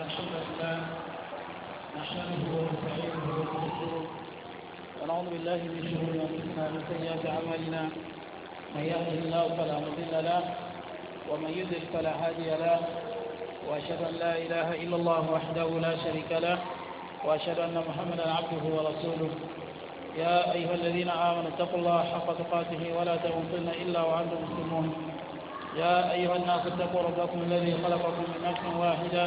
الحمد ونعوذ بالله من شرور انفسنا ومن سيئات اعمالنا من يهده الله فلا مضل له ومن يضلل فلا هادي له واشهد ان لا اله الا الله وحده لا شريك له واشهد ان محمدا عبده ورسوله يا ايها الذين امنوا اتقوا الله حق تقاته ولا تموتن الا وانتم مسلمون يا ايها الناس اتقوا ربكم الذي خلقكم من نفس واحده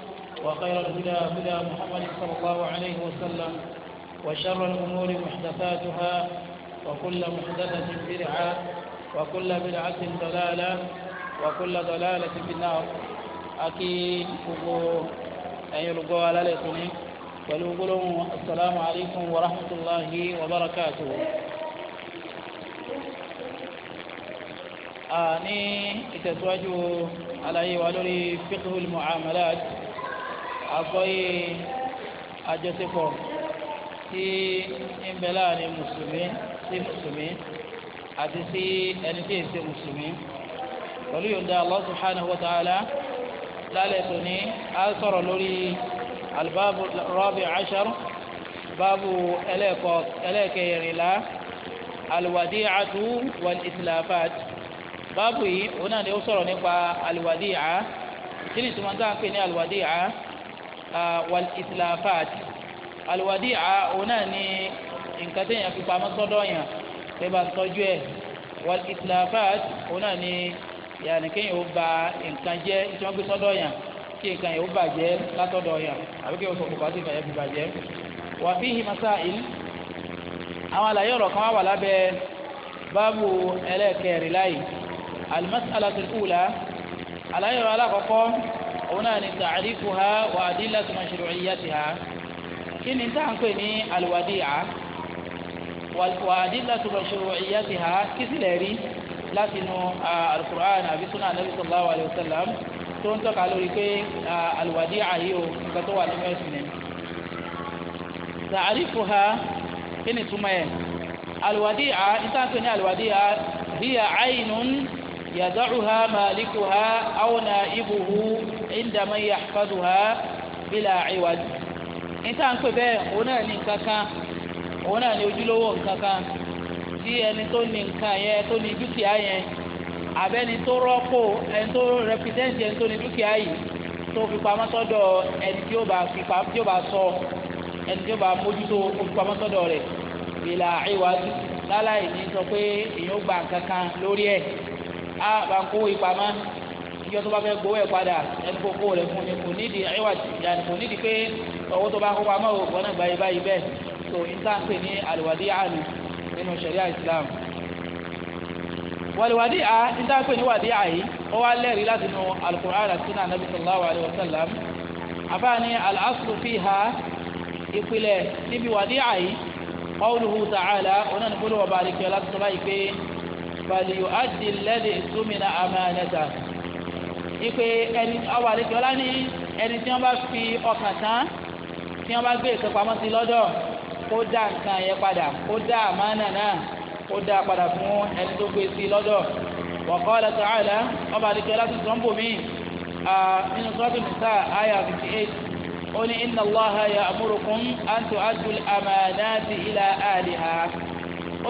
وخير الهدى هدى محمد صلى الله عليه وسلم وشر الأمور محدثاتها وكل محدثة بدعة وكل بدعة ضلالة وكل ضلالة في النار أكيد أي رجوع لكم ولو السلام عليكم ورحمة الله وبركاته آني آه على أي ولولي فقه المعاملات àgbọ́yé àjọṣepọ̀ tí ń bẹ láàrin mùsùlùmí sí mùsùlùmí àti sí ẹni tí èsè mùsùlùmí pẹ̀lú yòǹda Allah subhanahu wa ta'ala lálẹ́ tòní á sọ̀rọ̀ lórí albaabu rabi ashar baabu ẹlẹ́ẹ̀kẹrìnlá alwadi'atu wal islafat baabu yìí òun náà ni ó sọ̀rọ̀ nípa alwadi'a kí ni tuma ta ń pè ní alwadi'a wal islafat alwadi'a òun náà ni nǹkan téèyàn fi pamọ́ sọ́dọ̀ yàn pé bá ń tọ́jú ẹ̀ wal islafat òun náà ni yàrá kéèyàn ó ba nǹkan jẹ́ tí wọ́n gbé sọ́dọ̀ yàn kí nǹkan yẹn bàjẹ́ látọ̀dọ̀ yàn àbí kéèyàn sọ fòkàtì ìfà fi bàjẹ́ wà fihi masail àwọn àlàyé ọ̀rọ̀ kan wà lábẹ́ báàbù ẹlẹ́kẹ̀rìnláyì al mas'alatul àlàyé ọ̀rọ̀ alákọ̀ọ́kọ́ òun náà ni ta'rifuha wa adillatu mashru'iyyatiha kí ni tá à ń pè ní alwadi'a wa adillatu mashru'iyyatiha kí sì lè rí láti nu alukur'an àbí sunnah anabi sallallahu alayhi wa sallam tó ń tọ́ka lórí pé alwadi'a yìí o nǹkan tó wà nínú ẹ̀sìn ni. ta'rifuha kí ni túmọ̀ yẹn alwadi'a ní tá à ń pè ní alwadi'a hiya aynun yadacuha malikuha aw naibuhu inda man yahfazuha bila iwad níta ń pè bẹ́ẹ̀ òun náà ní nǹkan kan òun náà ní ojúlówó nǹkan kan tí ẹni tó ní nǹkan yẹn tó ní dúkìá yẹn àbẹ́ni tó rọ́pò ẹni tó rẹpítẹ́ǹtì ẹni tó ní dúkìá yìí tó fi pamọ́ sọ́dọ̀ ẹni tí ó bá fi pamọ́ tí ó bá sọ ẹni tí ó bá mójútó ó fi pamọ́ sọ́dọ̀ rẹ̀ ìlà ìwádìí láláì ní sọ pé èèyàn gba nǹkan kan lórí ẹ̀ á bá ń kó ìpamọ́ ìjọ tó bá fẹ́ gbowó ẹ̀ padà ẹni kò kó rẹ̀ fún ni kò nídìí ẹ̀wà yàtọ̀ kò nídìí pé owó tó bá kó pamọ́ o wọn náà gbáyé báyìí bẹ́ẹ̀ tó ìtànpé ní àlùwádìí àlù nínú ṣẹ̀ríà Islam wàlùwádì à ìtànpé ní wàdí àyí ó wá lẹ́rìí láti nu al-Qur'an àti sunnah nabi sallallahu alayhi wa sallam àbáni al-aslu fiha ìpìlẹ̀ níbi wàdí àyí qawluhu ta'ala ọ̀nà nípolówó bá rí kí ọlá tó ipe ẹni ọba àlejò ọlá ní ẹni tí bá fi ọkàn tán tí wọ́n bá gbé ìsọpamọ́ sí lọ́dọ̀ kó dá nǹkan yẹn padà kó dá àmánà náà kó dá padà fún ẹni tó gbé sí lọ́dọ̀ ọba àlejò ọlá tuntun bò mí nínú sọ́ọ́tù àyà fifty eight ó inna Allaha an ila ahliha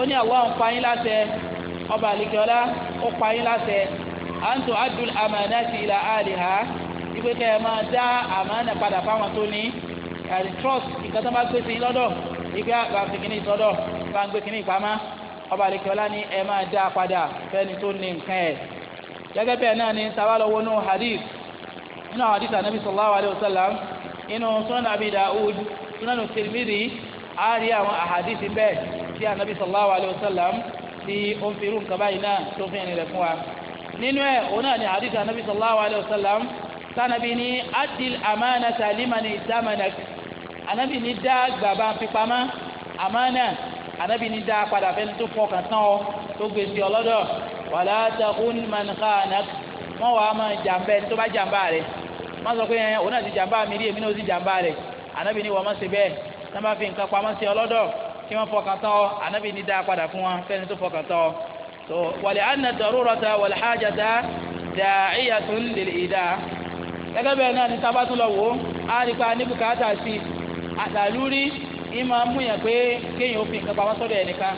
ó ní àwọn ọ̀pá yín láṣẹ ọba àlejò ọlá ó pa yín àǹtò adùn àmàna sí ilà àlìhà ìpè kẹ́ ẹ máa dá àmàna padà fáwọn tó ní àti trust ìkàtà bá gbé sí lọ́dọ̀ ìgbé àgbà fi kíní sọ́dọ̀ bá ń gbé kíní ìpamọ́ ọba àlekèọlá ni ẹ máa dá padà fẹ́ni tó ní nǹkan ẹ̀ gẹ́gẹ́ bẹ́ẹ̀ náà ni sábàlọ́wọ́ nù hadith nínú àwọn hadith anabi sallallahu alayhi wa sallam inú sunan abi daud sunan tirmidhi a rí àwọn ahadith bẹ́ẹ̀ tí anabi sallallahu alayhi wa sallam ti ó fi irú nǹkan báyìí náà tó fi hàn rẹ̀ fún wa nínú ẹ̀ òun náà ni hadith anabi sallallahu alayhi wa sallam sanabi ni adil amana salimani damanak anabi ni dá gbàgbà pípamá amana anabi ni dá padà fẹ́ni tó fọkàn tán ọ tó gbé sí ọlọ́dọ̀ wàlá takun man khanak wọn wàá máa jàmbá ẹni tó bá jàmbá rẹ̀ wọn sọ pé ẹ òun náà ti jàmbá mi rí èmi náà ti jàmbá rẹ̀ anabi ni wọ́n máa ṣe bẹ́ẹ̀ tí fi nǹkan pamọ́ sí ọlọ́dọ̀ tí wọ́n fọkàn tán ọ anabi ni dá padà fún wọn fẹ́ni tó fọkàn tán ọ so wàlẹ̀ àná dọ̀rọ̀rọ̀ ta wàlẹ̀ hajj ta dàáyà tún lè ìdá gẹ́gẹ́ bẹ́ẹ̀ náà ní sábàtún lọ wò á rí pa ní bùkátà sí àtàlúrí ìmọ̀ amúyàn pé kéèyàn ó fi nǹkan pamọ́ sọ́dọ̀ ẹnìkan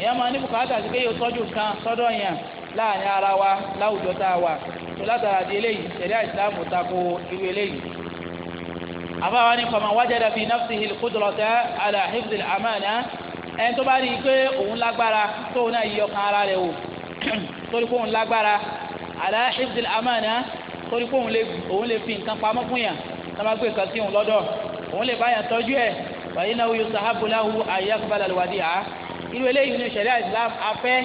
èèyàn máa ní bùkátà sí kéèyàn tọ́jú nǹkan sọ́dọ̀ yẹn láàrin ara wa láwùjọ tá a wà tó látara di eléyìí ṣẹ̀ríà ìsìláàmù tako irú eléyìí àbáwá ni faman wajada fi nafsihi al-qudrata ala hifdhi al-amana ẹni tó bá rí i pé òun lágbára tóun náà kan ara rẹ̀ wò torí pé òun lágbára àlá hifzil amana torí pé òun lè òun lè fi nǹkan pamọ́ fún yàn tá a máa gbé nǹkan sí òun lọ́dọ̀ òun lè bá yàn tọ́jú ẹ̀ wàyí náà yóò sàhábù láwù irú eléyìí afẹ́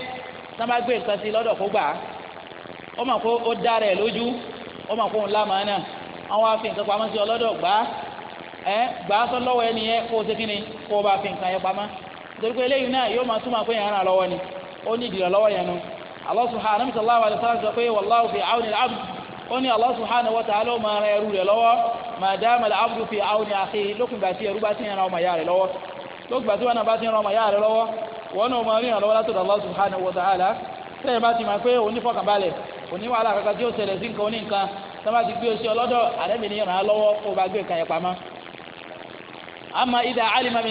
a gbé nǹkan sí lọ́dọ̀ kó gbà ó mọ̀ pé ó lójú ó mọ̀ pé òun sọ lọ́wọ́ kó o ṣe kí ni kó o bá fi nǹkan torí pé eléyìí náà yóò máa túmọ̀ pé yẹn ràn lọ́wọ́ ni ó ní ìdìrọ̀ lọ́wọ́ yẹn nu Allah subhanahu wa ta'ala sọ pé wallahu fi auni al-abd ó ní Allah subhanahu wa ta'ala ó máa ran ẹrú rẹ̀ lọ́wọ́ ma dama al-abdu fi auni akhihi lókun gbà tí ẹrú bá ti ń ran ọmọ ìyá rẹ̀ lọ́wọ́ lókun gbà tí wọn náà bá ti ń ran ọmọ ìyá rẹ̀ lọ́wọ́ wọn náà máa rí ìrànlọ́wọ́ látọ̀dọ̀ Allah subhanahu wa ta'ala sẹ́yìn bá ti máa pé òun ní o bá gbé nǹkan yẹn pamọ́. ama idha alima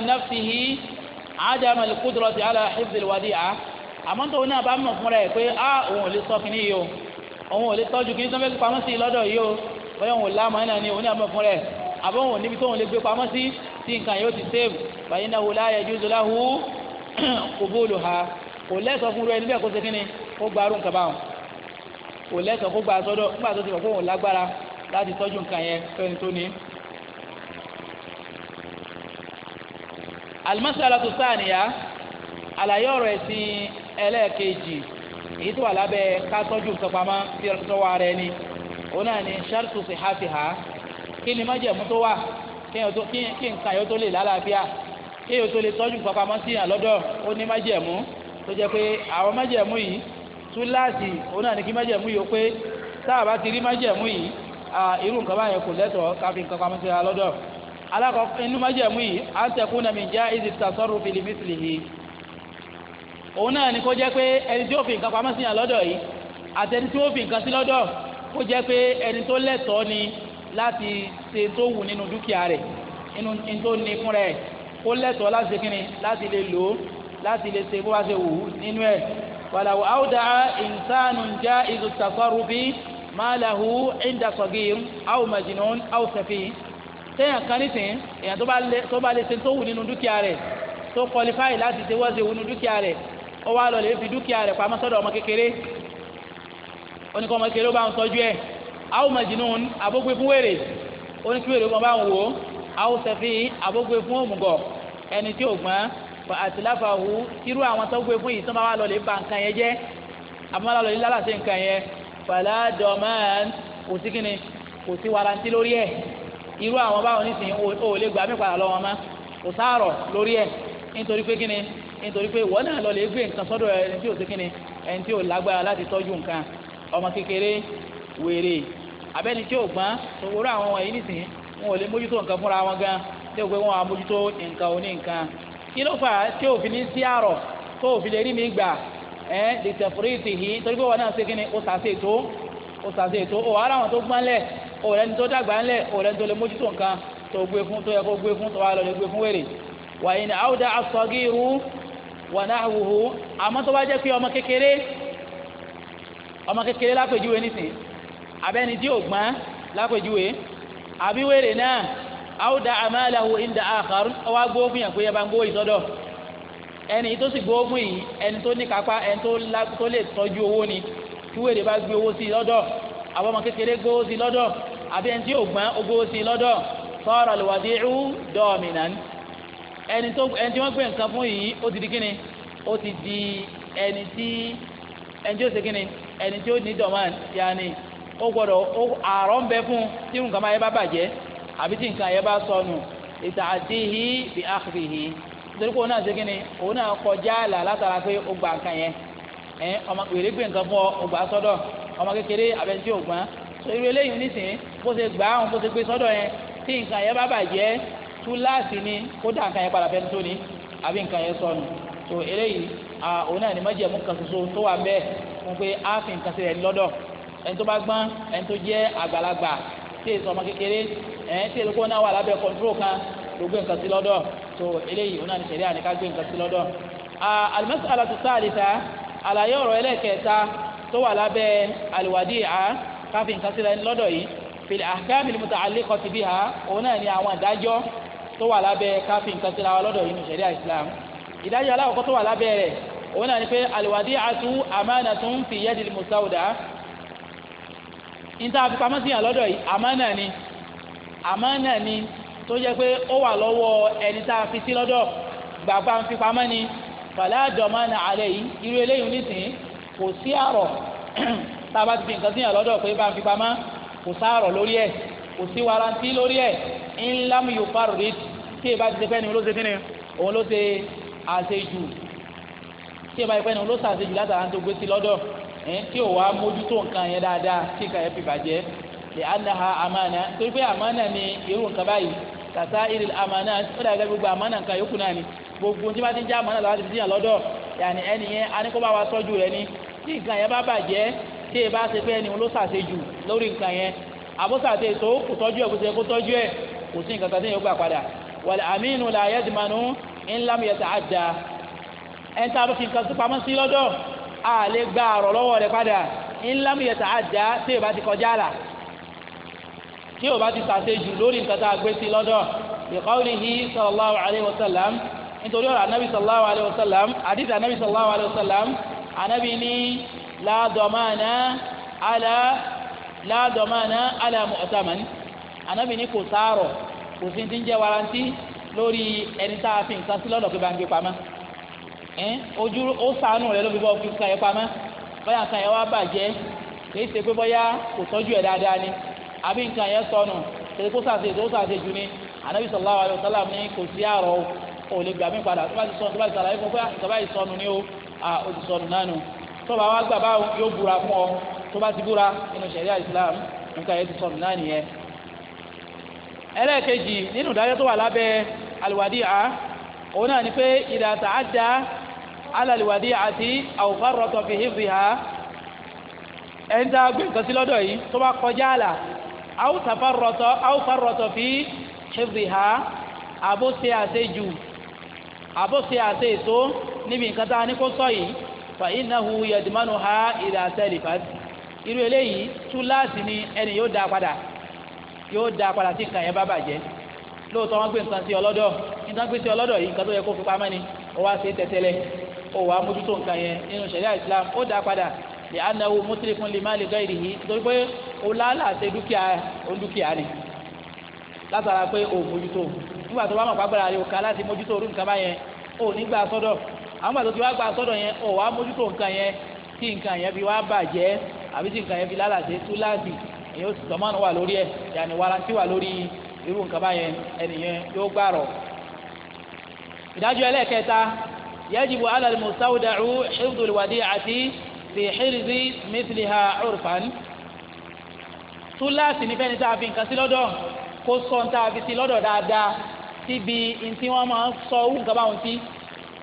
adam al-qudrati ala hifz al-wadi'a àmọ́ tó náà bá mọ̀ fún rẹ̀ pé a òun ò lè sọ kínní yìí o òun ò lè tọ́jú kínní tó fẹ́ pamọ́ sí lọ́dọ̀ yìí o bóyá òun ò lámọ̀ náà ni òun náà mọ̀ fún rẹ̀ àbọ̀ òun níbi tó òun lè gbé pamọ́ sí tí nǹkan yóò ti sèbù bàyìí náà wò láàyè jùzọ láhu kò bóòlù ha kò lẹ́sọ̀ fún rẹ̀ níbẹ̀ kó ṣe kínní kó gbarú nǹkan báwọn kò lẹ́sọ̀ kó gbà sọ́dọ̀ nígbà tó ti mọ̀ pé òun lágbára láti tọ́jú nǹkan yẹn fẹ́ni tó ní al-mas'alatu thaniya àlàyé ọ̀rọ̀ ẹ̀sìn ẹlẹ́ẹ̀kejì èyí tó wà lábẹ́ kátọ́jú nǹkan pamọ́ sí ọ̀tọ́wà rẹ ni òun náà ni shartu sihhatiha kí ni májẹ̀mú tó wà kí nǹkan yóò tó lè lálàáfíà kí yóò tó lè tọ́jú nǹkan pamọ́ sí yàn lọ́dọ̀ ó ní májẹ̀mú tó jẹ́ pé àwọn májẹ̀mú yìí túláàsì òun náà ni kí májẹ̀mú yìí ó pé tá a bá ti rí májẹ̀mú yìí irú nǹkan báyẹn kò lẹ́tọ̀ọ́ káfí nǹkan pamọ́ sí yàn lọ́dọ̀ alakọkọ inú májẹ̀mú yìí à ń tẹ̀kú nàmi já ìdí tasọ́rù fìlì mísìlì yìí òun náà ni kó jẹ́ pé ẹni tí ó fi nǹkan pamọ́ sí yàn lọ́dọ̀ yìí àtẹni tí ó fi nǹkan sí pé ẹni tó lẹ́tọ̀ọ́ ni láti ṣe tó wù nínú dúkìá rẹ̀ nínú tó ní fún rẹ̀ kó lẹ́tọ̀ọ́ láti ṣe láti lè lò láti lè ṣe bó bá ṣe wù ú nínú ẹ̀ wàlàwò àwùdá ìǹsánù já ìdí tasọ́rù fìlì máa làhù ìndàsọ̀gì àwùmàjìnnú àwùsẹ̀fì téèyàn kan nísìnyí èèyàn tó bá lè ṣe tó wù nínú dúkìá rẹ̀ tó kọlifáì láti ṣe wọ́n ṣe wù nínú dúkìá rẹ̀ ó wá lọ lè fi dúkìá rẹ̀ pamọ́ sọ́dọ̀ ọmọ kékeré oníkọ́ ọmọ kékeré ó bá ń tọ́jú ẹ̀ àwọn majnun abógbé fún wèrè oníkúwèrè kan bá ń wò ó àwọn sẹ́fì abógbé fún òmùgọ̀ ẹni tí ò gbọ́n àtìláfàwù irú àwọn tó gbé fún yìí tó máa wà lọ lè ba nǹkan yẹn jẹ́ àbúrò lọ lè lálàsẹ̀ nǹkan yẹn fàlàdọ̀mọ́n kò sí kíni kò sí warantí lórí ẹ̀ irú àwọn báwọn nísìnyí o ò lè gbà mí padà lọ́wọ́ mọ́ kò sáàrọ̀ lórí ẹ̀ nítorí pé kíni nítorí pé ìwọ náà lọ lè gbé nǹkan sọ́dọ̀ ẹni tí ò sí kíni ẹni tí ò lágbára láti tọ́jú nǹkan ọmọ kékeré wèrè abẹ́ni tí ò gbọ́n òwúrọ̀ àwọn wọ̀nyí nísìnyí wọn ò lè mójútó nǹkan fúnra wọn gan tí ó pé wọn á nǹkan òní nǹkan kí ló fà á tí òfin ní sí àrọ̀ tó òfin lè rí mi gbà ẹ́ ọ̀rẹ́ ní tó dàgbà ńlẹ̀ ọ̀rẹ́ ní tó lè mójútó nǹkan tó gbé fún tó yẹ kó gbé fún tó wà lọ́lẹ̀ gbé fún wèrè wàyí ni àwùdá asọ́gírù wà náà wùhù àmọ́ tó bá jẹ́ pé ọmọ kékeré ọmọ kékeré lápèjúwe nísìn abẹ́ni tí ò gbọ́n lápèjúwe àbí wèrè náà àwùdá àmàlàwò ìndà àkàrù ọwọ́ agbóhùn fún yàn pé bá ń gbóhùn ìsọdọ̀ ẹni tó sì gbowó yìí ẹni tó ní àbí ẹni tí yóò gbọ́n sí lọ́dọ̀ sọ́ọ̀rọ̀ lùwàdí ẹ̀rú ẹni tó ẹni tí wọ́n gbé nǹkan fún yìí ó ti di kíni ó ti di ẹni tí ẹni tí ó ṣe kíni ẹni tí ó ní dọ̀mán yaani ó gbọ́dọ̀ ó àárọ̀ ń bẹ fún tí nǹkan máa yẹ bá bàjẹ́ àbí tí nǹkan yẹ bá sọnù ìtàdíhì bí àkìrìhì nítorí pé òun náà ṣe kíni òun náà kọjá látara pé ó gbà nǹkan yẹn ẹ ọmọ so irú eléyìí nísìnyí bó ṣe gbà áhùn bó ṣe gbé sọ́dọ̀ yẹn tí nǹkan yẹn bá bàjẹ́ túláàsì ni kó dà nǹkan yẹn padà fẹ́ni tó ni àbí nǹkan yẹn sọnù so eléyìí òun náà ni májẹ̀mú kan ṣoṣo tó wà bẹ́ẹ̀ fún pé á fi nǹkan sílẹ̀ lọ́dọ̀ ẹni tó bá gbọ́n ẹni tó jẹ́ àgbàlagbà tí èso ọmọ kékeré ẹni tí èso kó náà wà lábẹ́ kọ́ńtró kan ló gbé nǹkan sí lọ́dọ̀ so eléyìí òun náà ni ṣẹ̀ríà ní ká gbé nǹkan sí lọ́dọ̀ al-mas'alatu thalitha àlàyé ọ̀rọ̀ ẹlẹ́kẹ̀ẹ́ta tó wà lábẹ́ al-wadi'a káfí nǹkan sílẹ̀ lọ́dọ̀ yìí fil ahkam al muta'alliqati biha òun náà ni àwọn ìdájọ́ tó wà lábẹ́ káfí nǹkan sílẹ̀ wa lọ́dọ̀ yìí ní sẹ̀ríà islam ìdájọ́ aláwọ̀kọ́ tó wà lábẹ́ rẹ̀ òun náà ni pé alwadi'atu amanatun fi yadi al mustawda níta àfipamọ́ sí yàn lọ́dọ̀ yìí àmánà ni àmánà ni tó jẹ́ pé ó wà lọ́wọ́ ẹni tá a fi sí lọ́dọ̀ gbàgbà tá a bá ti fi nǹkan síyàn lọ́dọ̀ pé bá ń fi pamọ́ kò sáàrọ̀ lórí ẹ̀ kò sí warranty lórí ẹ̀ ńlá mi yóò fárò rí tí ẹ bá ti fẹ́ ni ló kí ni òun ló ṣe àṣejù tí ẹ bá fẹ́ ni òun ló ṣe àṣejù látara tó gbé sí lọ́dọ̀ ẹ̀ tí ò wá mójútó nǹkan yẹn dáadáa tí nǹkan yẹn fi bàjẹ́ lè anaha amana torí pé amana ni irú nǹkan báyìí tàtà ìrìn amana ó dà gẹ́gẹ́ gbogbo amana nǹkan yòókù náà ni gbogbo tí bá ti ń já amana lọ́wọ́ àti fi síyàn lọ́dọ̀ ni ẹni yẹn aníkó bá wa sọ́jú rẹ ni tí nǹkan yẹn bá bàjẹ́ tí ẹ bá ṣe pé ẹni ló ṣàṣe jù lórí nǹkan yẹn àbúṣàṣe tó kò tọ́jú ẹ̀ kò ṣe kó tọ́jú ẹ̀ kò sí nǹkan kan tí yẹn gbà padà wal aminu la yadmanu in lam yata'adda ẹni tá a bá fi nǹkan pamọ́ sí lọ́dọ̀ a lè gba àrọ̀ lọ́wọ́ rẹ̀ padà in lam yata'adda tí ẹ bá ti kọjá là tí o bá ti sàṣe jù lórí nǹkan tá a gbé sí lọ́dọ̀ ìkọ́lìhí la damana ala la damana ala mu'taman anabi ni kò sáárọ̀ kò sí ti ń jẹ́ warranty lórí ẹni tá a fi nǹkan sí lọ́dọ̀ pé bá ń gbé pamọ́ ojú ó sànù rẹ ló fi bọ́ fi nǹkan yẹn pamọ́ bóyá nǹkan yẹn wá bàjẹ́ kìí ṣe pé bóyá kò tọ́jú ẹ̀ dáadáa ni àbí nǹkan yẹn sọnù kìí kó sàṣe tó sàṣe jù ni anabi sallallahu alaihi wasallam ní kò sí àrọ̀ o ò lè gbà mí padà tó bá ti sọnù tó bá ti sàlàyé fún pé àtàbáyé ah, sọnù ni o à ah, ó ti sọnù náà nù tọ́ba wa gbà báwo yóò búra fún ọ tó ti búra nínú ṣẹ̀ríà Islam nǹkan yẹn ti sọnù náà nìyẹn. ẹlẹ́ẹ̀kejì nínú ìdájọ́ tó wà lábẹ́ alwadi'a òun náà ni pé idha ta'adda ala alwadi'ati aw farrata fi hifziha ẹni tá a gbé nǹkan sí lọ́dọ̀ yìí tó bá kọjá àlà aw tafarrata aw farrata fi hifziha àbó ṣe àṣejù àbó ṣe ètò níbi nǹkan tá a ní kó sọ yìí fa innahu yadmanuha idha ha irú eléyìí láti ni ẹni yóò dá padà yóò dá padà tí nǹkan yẹn bá bàjẹ́ lóòótọ́ wọ́n gbé nǹkan sí ọlọ́dọ̀ nǹkan gbé sí ọlọ́dọ̀ yìí nǹkan tó yẹ kó fi mẹ́ni ó wá sí mójútó nǹkan yẹn nínú Islam ó padà anáwó lè yìí torí pé lálà ṣe dúkìá ni látara pé mójútó nígbà tó bá mọ̀ pàgbára rẹ̀ àwọn àti òtí wá gba sọ́dọ̀ yẹn ọ̀ wá mójútó nǹkan yẹn tí nǹkan yẹn fi wá bàjẹ́ àbí tí nǹkan yẹn fi lálàsẹ̀ tú láàbì èyí ó sì sọ́mọ́nù wà lórí ẹ̀ yàní warranty wà lórí irú nǹkan báyẹn ẹnìyẹn yóò gbàrọ̀. ìdájọ́ ẹlẹ́ẹ̀kẹta yajibu ala al-mustawda'u hifdhu al-wadi'ati fi hirzi mithliha 'urfan túláàsì ní fẹ́ni tá a fi nǹkan sí lọ́dọ̀ kó sọ ní tá sí lọ́dọ̀ dáadáa síbi ntí wọ́n máa ń sọ owó nǹkan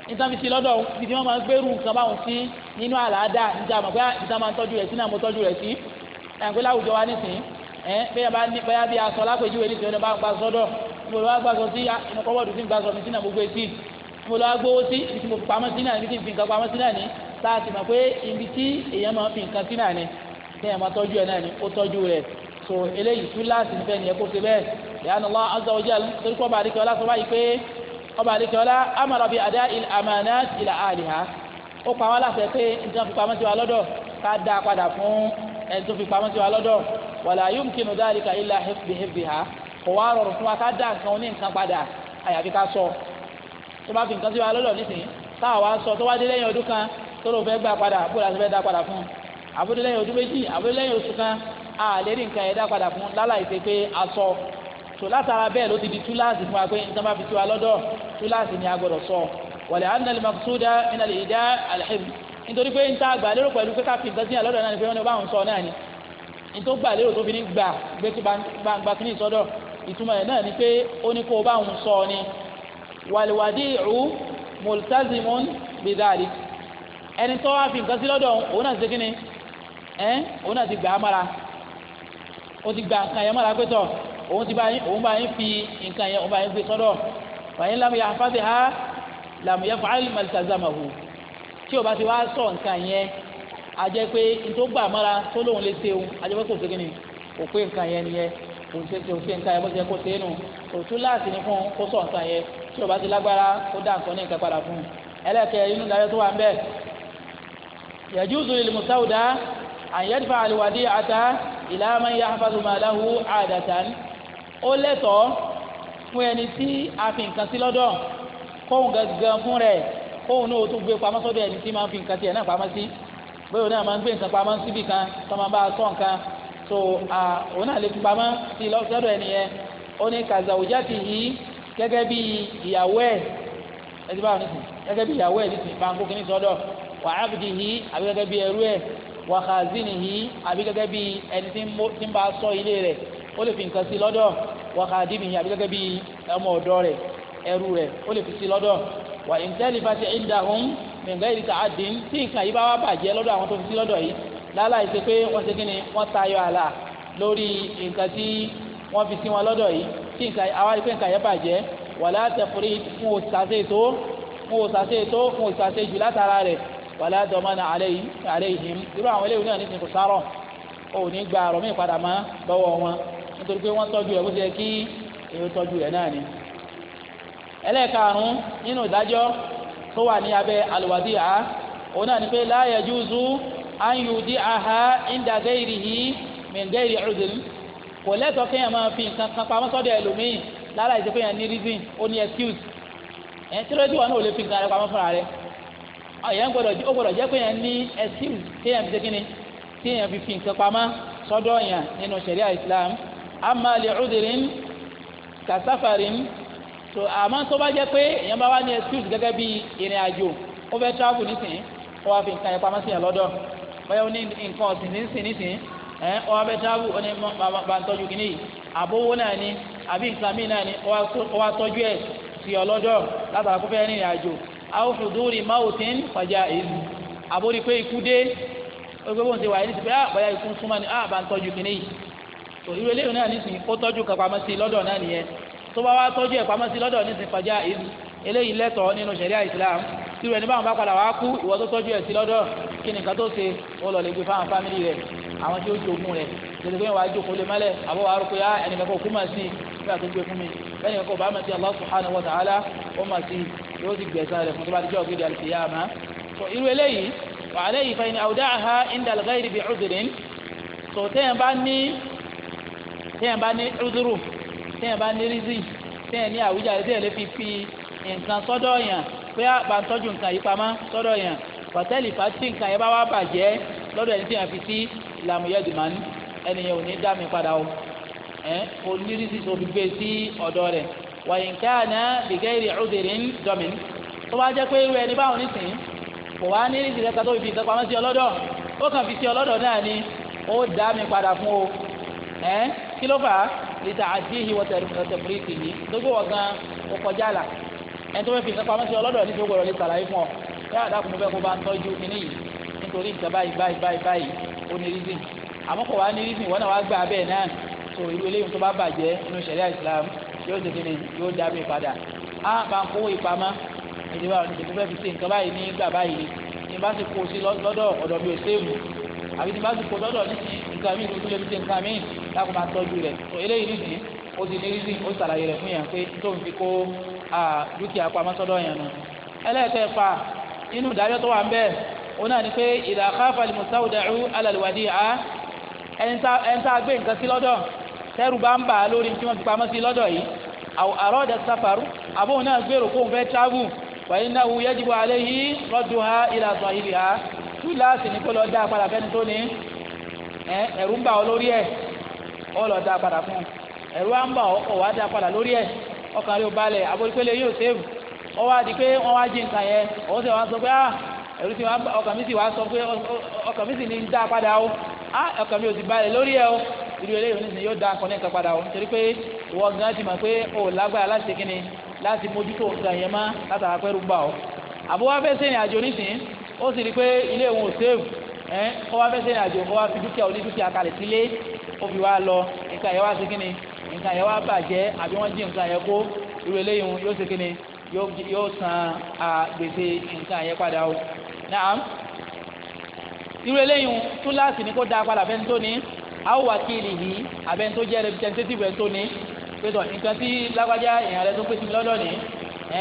nítorí fi lọ́dọ̀ ibi wọn máa ń gbèrú nǹkan báwọn sí nínú àlàáda níta àmọ́ pé níta máa ń tọ́jú rẹ̀ sí náà mo tọ́jú rẹ̀ sí ẹ̀ǹpé láwùjọ wa nísìn ẹ̀ bẹ́ẹ̀ bá ní bẹ́ẹ̀ bí aṣọ lápèjúwe nísìn ọ̀nà bá gba sọ́dọ̀ mo lọ́wọ́ gbàgbọ́ sí inú kọ́bọ̀dù sí gbàgbọ́ mi sí náà mo gbé sí mo lọ́wọ́ gbówó sí ibi tí mo fi pamọ́ sí náà ibi tí mo fi nǹkan pamọ́ sí náà ni tá a sì mọ̀ pé ibi tí èèyàn máa fi nǹkan sí náà ni bẹ́ẹ̀ máa tọ́jú ẹ̀ náà ni ó tọ́jú rẹ̀ so eléyìí tún láti nífẹ̀ẹ́ nìyẹn kó ṣe bẹ́ẹ̀ ìyá Allah azza wa jalla torí kọ́ bá a rí ọba àdékẹ́ọ́lá amara bi àdá àmàna ìlà àlìhà ó pa wọn láṣẹ pé ní tí wọn fi pamọ́ sí wa lọ́dọ̀ ká dáa padà fún ẹni tó fi pamọ́ sí wa lọ́dọ̀ wàlá yumkinu dhalika illa hifdhiha kò wá rọrùn fún wa ká dáa nǹkan oní nǹkan padà àyàfi ká sọ tó bá fi nǹkan sí wa lọ́dọ̀ nísìnyí táwa wá sọ tó wá dé lẹ́yìn ọdún kan tó ló fẹ́ gbà padà bó la fẹ́ dáa padà fún àbúdé lẹ́yìn ọdún méjì àbúdé lẹ́yìn oṣù kan àlè ní nǹkan yẹn dáa padà fún lálàyé pé pé a tó látara bẹ́ẹ̀ ló ti di túláàsì fún wa pé nǹkan bá fi tiwa lọ́dọ̀ túláàsì ni a gbọ́dọ̀ sọ wàlẹ̀ anna al-maqsuda min al-ida al-hifz nítorí pé níta gbà lérò pẹ̀lú pé káfí nǹkan sí àlọ́dọ̀ náà ni pé wọ́n ní bá òun sọ náà ni nítorí gbà lérò tó fi ní gbà gbé gbangba kí ní ìsọdọ̀ ìtumọ̀ ẹ̀ náà ni pé ó ní kó o sọ ni wàlúwàdìrú multazimun bidhalik ẹni tó wá fi nǹkan sí lọ́dọ̀ òun náà ti ṣe ẹ́ òun náà ti gbà á mọ́ra ó ti gbà nǹkan yẹn mọ́ra pé tọ̀ òun ti bá yín òun bá yín fi nǹkan yẹn òun bá yín gbé sọ́dọ̀ fàyín lámù yà fàdé ha làmù yẹ fàáyì màlìtàzàmàhù tí o bá ti wá sọ nǹkan yẹn a jẹ́ pé nítorí gbà mọ́ra tó lóun lè tẹ̀wọ̀n a jẹ́ pé kò segin ni kò pé nǹkan yẹn ni yẹ kò ṣe kò ṣe nǹkan yẹn bó ṣe kó ṣe é nù òtún láti ní fún kó sọ nǹkan yẹn tí o bá ti lágbára kó dá nǹkan ní nǹkan padà fún un ẹlẹ́kẹ̀ inú ìdájọ́ tó wà ń bẹ̀ yẹjúzù ilmùsáwùdá àyẹ̀dìfà àlùwádìí àtà ìlàmà yahfazu àdàtàn ó lẹ́tọ̀ọ́ fún ẹni tí a fi nǹkan sí lọ́dọ̀ kóhun gangan fún rẹ̀ kóhun náà ó tún gbé pamọ́ sọ́dọ̀ ẹni tí máa ń fi nǹkan tiẹ̀ náà pamọ́ sí bóyá òun náà máa ń kan tó máa a sọ nǹkan òun náà lè fi pamọ́ sí lọ́sọ́dọ̀ ẹni yẹn ó ní kazawujati yìí gẹ́gẹ́ bí ìyàwó ẹ̀ ẹtí báwọn gẹ́gẹ́ bí ìyàwó ẹ̀ kìíní sọ́dọ̀ wà àbí gẹ́gẹ́ bí ẹrú ẹ̀ wà àbí gẹ́gẹ́ bí ẹni tí ń bá sọ ilé rẹ̀ ó lè fi nǹkan sí lọ́dọ̀ wa khadimihi àbí gẹ́gẹ́ bí ọmọ ọ̀dọ́ rẹ̀ ẹrú rẹ̀ ó lè fi sí lọ́dọ̀ wa in talifati indahum min ghairi ta'addin tí nǹkan yìí bá wá bàjẹ́ lọ́dọ̀ àwọn tó fi sí lọ́dọ̀ yìí láláì ṣe pé wọ́n ṣe kíni wọ́n tayọ àlà lórí nǹkan tí wọ́n fi sí wọn lọ́dọ̀ yìí tí nǹkan àwa rí pé nǹkan yẹn bàjẹ́ wala tafrit fún òṣìṣàṣe tó fún òṣìṣàṣe tó fún òṣìṣàṣe jù látara rẹ̀ wala damana alayhim irú àwọn eléyìí náà ní ti òní gba àrọ̀ padà mọ́ lọ́wọ́ wọn nítorí pé wọ́n tọ́jú ẹ̀ bó ṣe kí èyí tọ́jú ẹ̀ náà ni. ẹlẹ́ẹ̀karùn-ún nínú ìdájọ́ tó wà ní abẹ́ òun náà ni pé la yajuzu kò lẹ́tọ̀ọ́ kéèyàn máa kan pamọ́ sọ́dọ̀ ẹlòmíì lára ìṣe péyàn ní reason ó ní excuse ẹ̀ tí wọn ò lè fi nǹkan rẹ pamọ́ fúnra rẹ ọ̀yẹ́ ó jẹ́ péyàn ní Islam ama lè cudurin kasafarin so àmọ́ tó bá jẹ́ pé èèyàn bá wà ní excuse gẹ́gẹ́ bí ìrìn àjò ó fẹ́ travel nísìnyí ó wá fi nǹkan yẹn pamọ́ sí yẹn lọ́dọ̀ bóyá ó ní nǹkan ọ̀sìn nísìnyí nísìnyí ẹ̀ ó wá fẹ́ travel ó ní bá ń tọ́jú kínní àbówó náà ni àbí nǹkan náà ni ó wá tọ́jú ẹ̀ sí ọlọ́dọ̀ látara kó fẹ́ rìnrìn àjò àwọn hudúrì máwùtín fàjà èyí àbórí pé ikú dé ó gbé bóun ti wà ní ti pé ah bóyá ikú súnmọ́ ni ah bá ń tọ́jú kínní tó irú eléyìí náà nísìnyí ó tọ́jú kan pamọ́ sí lọ́dọ̀ náà nìyẹn tó bá wá tọ́jú ẹ̀ pamọ́ sí lọ́dọ̀ nísìnyí fàjà eléyìí lẹ́tọ̀ọ́ nínú ṣẹ̀ríà Islam irú ẹni báwọn bá padà wá kú ìwọ tó tọ́jú ẹ̀ sí lọ́dọ̀ kí ni tó ṣe ó lọ lè gbé fáwọn fámìlì rẹ̀ àwọn tí ó jogún rẹ̀ tètè pé jókòó lé mẹ́lẹ̀ àbọ̀ wàá rúkú téèyàn bá ní uduru téèyàn bá ní rizí téèyàn ní àwùjáde téèyàn lè fi fi nǹkan sọ́dọ̀ yàn pé àbá ń tọ́jú nǹkan yìí pamọ́ sọ́dọ̀ yàn pàtẹ́lì fàtí nǹkan yẹn bá wá bàjẹ́ lọ́dọ̀ ẹni téèyàn fi sí làmúyẹ́dùmánì ẹnìyẹn ò ní dá mi padà o ẹ kò ní rizí tó fi gbé sí ọ̀dọ̀ rẹ̀ wàyínkáàná bìgẹ́rì ọ̀dẹ̀rín dọ́mìn tó bá jẹ́ pé irú ẹni ó kàn fi sí ọlọ́dọ̀ náà ni ó dá mi padà fún o ẹ kí ló fà á lè ta àdéhìí wọ́n tẹ̀lé kìíní lójú wọ̀ gan o kọjá là ẹni tó fẹ́ fi nǹkan pamọ́ sí ọlọ́dọ̀ ní ìṣòwò rẹ̀ sàlàyé fún ọ yára dákun fẹ́ kó bá ń tọ́jú kìíní yìí nítorí nǹkan báyìí báyìí báyìí báyìí ó ní rízìn àmọ́ kò wá ní rízìn wọ́n náà wá gbà bẹ́ẹ̀ náà tó irú eléyìí tó bá bàjẹ́ nínú sẹ̀ríà Islam yóò tètè ní yóò dá mi padà á bá ń kówó ìpamọ́ ìdíwà òní tètè fẹ́ fi ṣe nǹkan báyìí ní gbà báyìí ní bá ti kó o sí lọ́dọ̀ ọ̀dọ̀ mi ò séèmù àbí tí bá ti kó lọ́dọ̀ ní nǹkan mi ìdúró lórí nǹkan mi lákòó máa tọ́jú rẹ̀ eléyìí nìyí ó ti ní rísì ó ṣàlàyé rẹ̀ fún yàn pé tó ń fi kó dúkìá pamọ́ sọ́dọ̀ yàn nù. ẹlẹ́ẹ̀kẹfà nínú ìdájọ́ tó wà ń bẹ́ẹ̀ ó náà ni pé idha khafa al-mustawda'u 'ala al-wadi'a ẹni tá a gbé nǹkan sí lọ́dọ̀ tẹ́rù bá ń bà á lórí tí wọ́n fi pamọ́ sí lọ́dọ̀ yìí àròdà safaru àbóhùn náà gbèrò kóhùn fẹ́ travel wa innahu yajibu túláàsì ní kó lọ dá padà fẹ́ni tó ní ẹ̀rù ń bà ọ lórí ẹ̀ ọ́ lọ dá padà fún un ẹ̀rù ń bà ọ́ ọ̀ wá padà lórí ẹ ọkàn rẹ̀ ò balẹ̀ yóò sèwù ọ wá di pé wọ́n wá jí nǹkan yẹn ọ sì wá sọ pé ah ẹ̀rù wá ọkàn mi sì wá sọ pé ọkàn mi sì ní dá padà o ah, ọkàn mi ò sì balẹ̀ lórí ẹ̀ o ìlú eléyìí oníṣẹ́ yóò padà o nítorí pé ìwọ gan ti mọ̀ pé o lágbára láti ṣe láti mójútó yẹn gbà àbúwá fẹ́ sẹ́yìn àjò nísìnyí ó sì rí i pé ilé òun ò sèvù ẹ kó wá fẹsẹ̀ ìrìnàjò kó wá fi dúkìá oní dúkìá kalẹ̀ sílé ó fi wá lọ nǹkan yẹn wá sí kíni nǹkan yẹn wá bàjẹ́ àbí wọ́n jí nǹkan yẹn kó irú eléyìí yóò sí kíni yóò san gbèsè nǹkan yẹn padà o naam irú eléyìí túláàsì ni kó dáa padà fẹ́ni tó ní àwọn wákìlì yìí àbẹ́ni tó jẹ́ representative ẹni tó ní pẹ̀tọ̀ nǹkan tí lágbájá èèyàn rẹ tó pèsè mi lọ́dọ̀ ní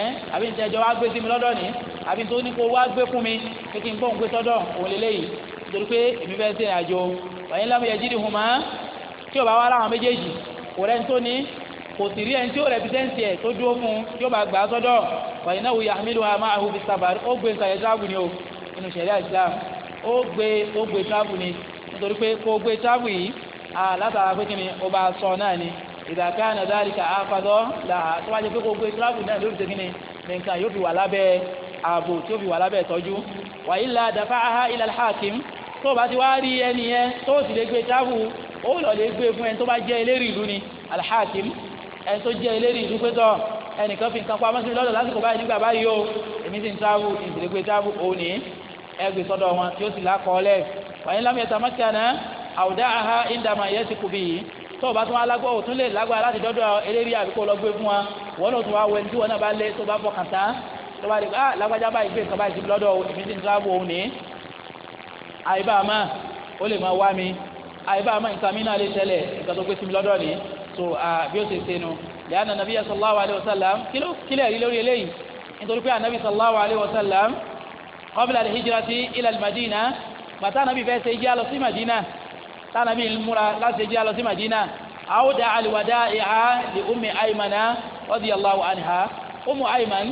ẹ́ àbí nǹkan ìjọba gbé sí mi lọ́dọ̀ ní àbí tó ní kó wá gbé fún mi pé kí n bọ́ ń gbé sọ́dọ̀ òun lélẹ́yìí nítorí pé èmi fẹ́ ṣe àjò wàyí ńlá mi yẹ jíde hùmá tí ò bá wá láwọn méjèèjì kò rẹ́ni tó ní kò sì rí ẹni tí ó rẹpítẹ́ǹtì ẹ̀ tó dúró fún tí ó bá gbà á sọ́dọ̀ wàyí náà wòye àmì lóha máa hùfi sàbàr ó gbé nǹkan yẹn ni o inú sẹ̀ríà Islam ó gbé ó gbé tíráàbù ni nítorí pé kó gbé tíráàbù yìí látara pé kíni ó bá sọ náà ni ìdàkà nàdàlíkà àfàdọ́ là tó wájú pé kó gbé tíráàbù náà lórí tẹ́kíni nǹkan yóò fi wà ààbò tí ó fi wà lábẹ́ ìtọ́jú wa illa dafa'aha ila al-hakim tó bá ti wá rí ẹni yẹn tó sì lè gbé tábù ó lọ lè gbé e fún ẹni tó bá jẹ́ eléri ìlú ni al-hakim ẹni tó jẹ́ eléri ìlú pé tọ́ ẹnìkan fi nǹkan pa mọ́sí lọ́dọ̀ lásìkò báyìí nígbà báyìí o èmi sì ń tábù ìsìlè gbé tábù òun ni ẹgbẹ́ sọ́dọ̀ wọn tí ó sì lákọọ́lẹ̀ wa in lam yatamakana awda'aha inda ma yasiku bihi tó o bá tún alágbó o tún lè lágbára láti dọ́dọ̀ eléri àbíkó lọ gbé fún wa wọn ò tún wá wẹ tí wọn náà bá lé tó bá bọ̀ kàtá tó bá rí i ah lágbájá báyìí gbé nǹkan báyìí sí lọ́dọ̀ èmi tí ń sábà òun ní àyíbá àmà ó lè máa wá mi àyíbá àmà nǹkan mi náà lè tẹ́lẹ̀ nǹkan tó gbé sí mi ní so bí ó ṣe ṣe nu lẹ́yìn anabi sallallahu alayhi wa sallam kílẹ̀ rí lórí eléyìí nítorí pé anabi sallallahu alayhi wa sallam qabla al-hijrati ila al-madina bàtà anabi fẹ́ ṣe hijira lọ sí madina tànàbí múra láti ṣe lọ sí madina àwòdà al-wada'a li ummi aymana radiyallahu anha ummu ayman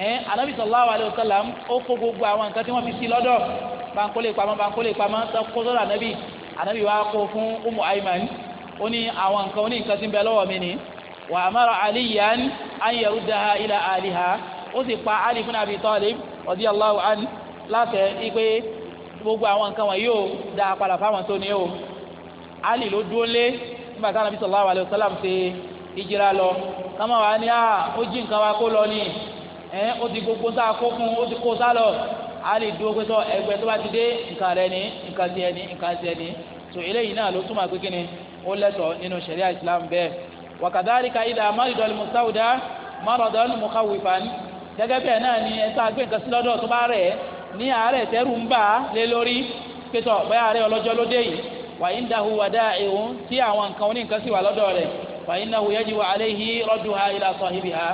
ẹ anabi sallallahu alayhi wa sallam o kó gbogbo àwọn nǹkan tí wọn fi sí lọ́dọ̀ bankole pamọ́ bankole pamọ́ kótó la anabi anabi wa kó fún umu ayman o ní àwọn nǹkan ó ní nǹkan tí ń bẹ lọ́wọ́ mi ni wa amara aliyan an yaruddaha ila aliha ó sì pa ali fún abi talib radiyallahu an láfẹ ipe gbogbo àwọn nǹkan wọn yóò da padà fáwọn tó ní o ali ló dúró lé nígbà tí anabi sallallahu alayhi wa sallam ṣe ìjìra lọ kama wa ni a ah, o jí nǹkan wa kó lọ ní ẹ ó ti gbogbo tá a kó fún ó ti kó sálọ a lè dúró pé sọ ẹgbẹ́ tó bá ti dé nǹkan rẹ ní nǹkan tiẹ̀ ní nǹkan tiẹ̀ ní tó eléyìí náà ló túmọ̀ pé ni ó lẹ́tọ̀ọ́ nínú sẹ̀ríà islam bẹ́ẹ̀ wàkàdárìkà ìdá márìdọ́lì mùsáwùdá márọ̀dọ́lì mùkáwìfàn gẹ́gẹ́ bẹ́ẹ̀ náà ni ẹ̀ta gbé nǹkan sí tó bá rẹ̀ ní àárẹ̀ tẹ́rù ń bà lé lórí pétọ̀ bẹ́ẹ̀ àárẹ̀ ọlọ́jọ́ ló dé yìí wàyí ń dahu wàdá ìhun tí àwọn nǹkan oníkan sì wà lọ́dọ̀ rẹ̀ wàyí ń dahu yẹ́jú wa aléhi rọ́dù ha ilà sọ̀hìbì ha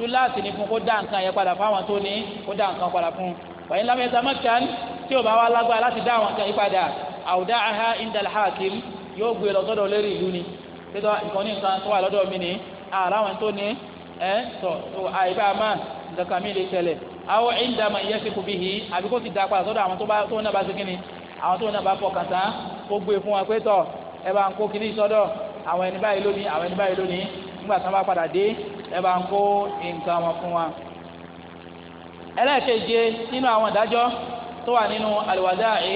túláàsì ní fún kó dá nǹkan yẹn padà fáwọn tó ní kó dá nǹkan padà fún wàyí lámì ẹ̀sàmọ́kàn tí ò bá wá lágbára láti da àwọn nǹkan yìí padà àwùdá aha indal hakim yóò gbé lọ sọ́dọ̀ lérí ìlú ni títọ́ nǹkan ní nǹkan tó wà lọ́dọ̀ mi ni àràwọn tó ní ẹ̀ tọ̀ tó àìbá má nǹkan mi lè tẹ̀lẹ̀ àwọn ìndàmà ìyẹ́sìnkú bíi àbí kó ti dá padà sọ́dọ̀ àwọn tó náà bá ṣe kíni àwọn tó náà bá fọkàn kó gbé fún wọn pé ẹ bá ń kó kíní sọ́dọ̀ àwọn ẹni báyìí àwọn ẹni báyìí nígbà tí wọ́n bá padà dé ẹ bá ń kó nǹkan wọn fún wa. ẹlẹ́ẹ̀keje nínú àwọn ìdájọ́ tó wà nínú àlùwàdáì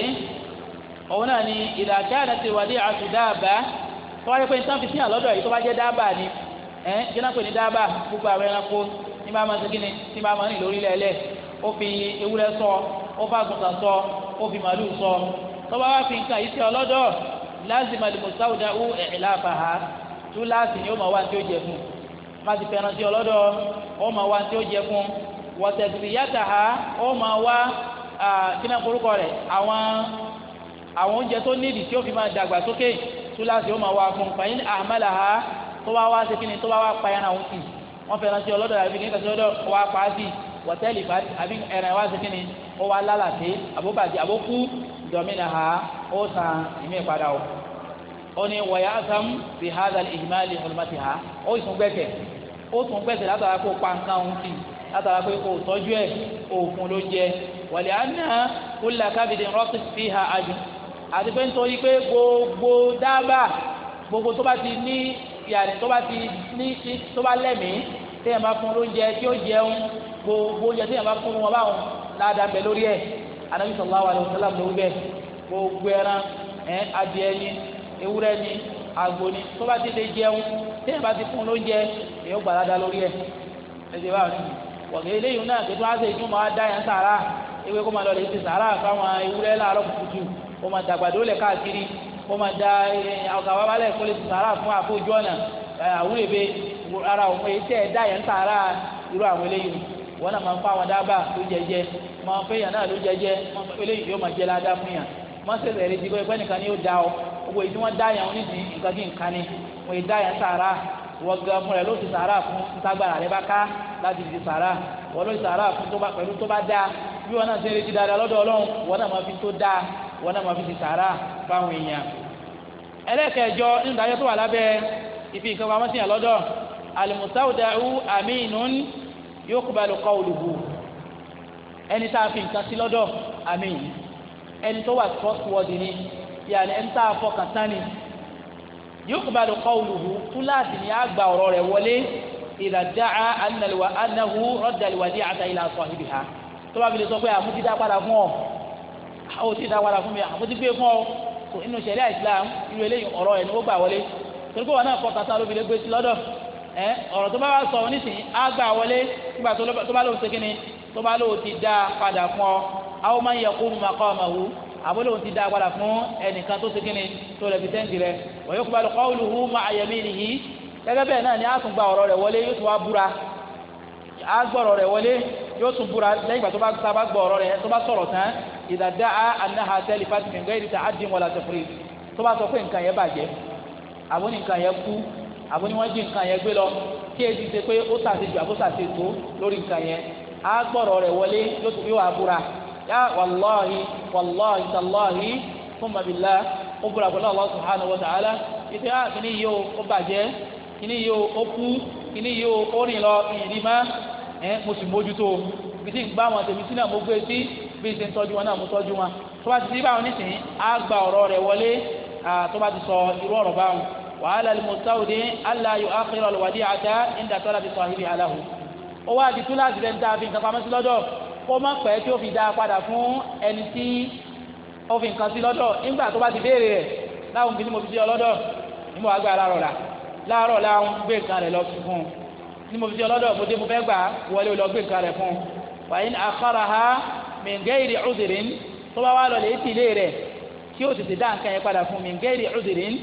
òun náà ni ìdá kana ti wàdí àtù dáàbà tó wáyé pé nǹkan fi sí àlọ́dọ̀ yìí tó bá jẹ́ dáàbà ni ẹ̀ jẹ́nà pé ní dáàbà gbogbo àwọn ẹranko ní bá máa ń segin ní ní bá máa ń rìn lórí lẹ́lẹ́ ó fi ewúrẹ́ sọ ó fa àgùntàn sọ ó fi màálù sọ tó bá wá fi nǹkan yìí sí ọlọ́dọ̀ lázìmọ̀lì mùsáwùdà ó ẹ̀ túláàsì ni ó máa wá ní tí ó jẹ fún má ti fẹ́ràn sí ọlọ́dọ̀ ó máa wá ní tí ó jẹ fún wọ́tẹ̀sì yàtà ha ó máa wá kíná forúkọ rẹ̀ àwọn àwọn oúnjẹ tó nídìí tí ó fi máa dàgbà sókè túláàsì ó máa wá fún fàyín àmàlà ha tó bá wá sí kíni tó bá wá pa ẹran òun sí wọ́n fẹ́ràn sí ọlọ́dọ̀ àbí kíní kàtí ọlọ́dọ̀ wá pa á sí wọ́tẹ́lì àbí ẹran wá sí kíni ó wá lálàsí àbóbàjẹ́ àbókú dọ̀mínà ha ó san ìmí ìpadà o oni wàyà asam fi hada ìhìmáàlì ọlọmọtì ha ó sùn gbẹsẹ ó sùn gbẹsẹ látara kó pàǹkà ń tì látara pé kó tọjú ẹ òògùn ló jẹ wàlẹ̀ àná kúlẹ̀ kábìdì rọ́ọ̀tì fi ha àjù àti pé nítorí pé gbogbo dábàá gbogbo tó bá ti ní yàrá tó bá ti ní tó bá lẹ́mìí téèyàn bá fún lóúnjẹ tí ó jẹun gbogbo oúnjẹ téèyàn bá fún wọn báwọn ládàá bẹ lórí ẹ anabi sallallahu alaihi wasallam ló wí bẹ gbogbo ẹran ẹ adìẹ ni ewúrẹ́ ni àgbò ni tó bá ti lè jẹun tí ẹ bá ti fún lóúnjẹ èyí ó gbà ládàá lórí ẹ ẹsẹ báwọn ni wọ̀gẹ̀ eléyìí náà kí tó wá sí ìjùmọ̀ á dá yẹn sàrà ewé kó máa lọ lè ti sàrà fáwọn ewúrẹ́ láàárọ̀ kùtù kó máa dàgbàdo lẹ̀ káàkiri kó máa da ọ̀gá balẹ̀ kó lè ti sàrà fún àfojú ọ̀nà àwúrẹ́bẹ ara òun èyí tẹ̀ dá yẹn sàrà irú àwọn eléyìí wọn náà máa ń fọ àwọn dábàá ló jẹjẹ máa ń fẹ́ yàn náà ló jẹjẹ eléyìí yóò máa jẹ ládàá fún yàn má sẹ̀sẹ̀ rẹ ti gbọ́ ẹgbẹ́ nìkan ni yóò da ọ owó èyí tí wọ́n dá yẹn onídìí nǹkan kí nǹkan ni wọ́n yìí dá yẹn sàrà wọ́n gan fúnra ló ti sàrà fún ntágbára rẹ bá ká láti di sàrà wọ́n ló ti sàrà fún pẹ̀lú tó bá dáa bí wọ́n náà ti retí dáadáa lọ́dọ̀ ọlọ́run wọ́n náà máa fi tó dáa wọ́n náà máa fi ti sàrà fáwọn èèyàn. ẹlẹ́kẹ̀ẹ́jọ nígbàdàjọ́ tó wà lábẹ́ ìfi nǹkan pamọ́ sí yàn lọ́dọ̀ alimusawudaru aminun yuqbalu qawluhu ẹni tá a fi nǹkan sí lọ́dọ̀ amin ẹni tó wà trustworthy ni yàrá ẹni tá a fọkàn tán ni yuqbalu qawluhu túláàsì ni a gba ọ̀rọ̀ rẹ̀ wọlé idha da'a annahu radda al-wadi'ata ila sahibiha tó bá fi lè sọ pé àmúti dá padà fún ọ àmúti dá padà fún mi àmúti gbé fún ọ tó inú ṣẹ̀ríà Islam irú eléyìí ọ̀rọ̀ ẹ̀ ni ó gbà wọlé torí pé wọn náà fọkàn tán ló lè gbé sí lọ́dọ̀ ẹ ọ̀rọ̀ tó bá wà sọ nísìnyí á gbà wọlé nígbà tó bá lóun ṣe kíni tó bá lóun ti dá padà fún ọ àwọn máa ń yẹ kó àbólóhùn ti dá padà fún ẹnìkan tó segin ni tó lè fi tẹ́ǹtì rẹ wọ́n yóò kó balùwẹ̀ kọ́ọ̀lù hu ma àyẹ̀mí nìyí gẹ́gẹ́ bẹ́ẹ̀ náà ni a tún gba ọ̀rọ̀ rẹ̀ wọlé yóò tún wá búra a gbọ́ ọ̀rọ̀ rẹ̀ wọlé yóò tún búra lẹ́yìn ìgbà tó bá sábà gbọ́ ọ̀rọ̀ rẹ̀ tó bá sọ̀rọ̀ tán ìdàdá anáhà tẹ́lẹ̀ fásitì kẹ̀kẹ́ ìdìtà ádìm yá wàláhi wàláhi tàláhi thumma billah ó búra pẹ̀lú Allah subhanahu wa ta'ala ìfẹ́ à ah, kìíní yìí ó ó bàjẹ́ kìíní yìí ó ó kú kìíní yìí ó ó rìn lọ ìrì má ẹ mo sì mójútó bí ti ń gbá wọn tèmi sí náà mo gbé sí bí ti ń tọ́jú wọn náà mo tọ́jú wọn tó bá ti di báwọn nísìnyí á gba ọ̀rọ̀ rẹ̀ wọlé tó bá ti sọ irú ọ̀rọ̀ báwọn wàhálà lèmọ̀tàwùdé aláyọ̀ àkèrè ọ̀lùwàdí àtà ìdàtọ́lá ti sọ àhìrì aláhùn ó wá di túláàsì rẹ̀ ń dáa fi nǹkan pamẹ́sí lọ́dọ̀ kó má pẹ́ tí ó fi dá padà fún ẹni tí ó fi nǹkan sí lọ́dọ̀ nígbà tó bá ti béèrè rẹ̀ láwọn kìíní mo fi sí ọ lọ́dọ̀ ní mo wá gbé aláàrọ̀ rà láàárọ̀ láwọn gbé nǹkan rẹ̀ lọ fún un ní mo fi sí ọ lọ́dọ̀ mo dé mo fẹ́ gbà wọlé lọ gbé nǹkan rẹ̀ fún un wàyí akara ha mẹ̀ngẹ́rì ọ̀dìrín tó bá wà lọ lè ti ilé rẹ̀ tí ó tètè dá nǹkan yẹn padà fún mẹ̀ngẹ́rì ọ̀dìrín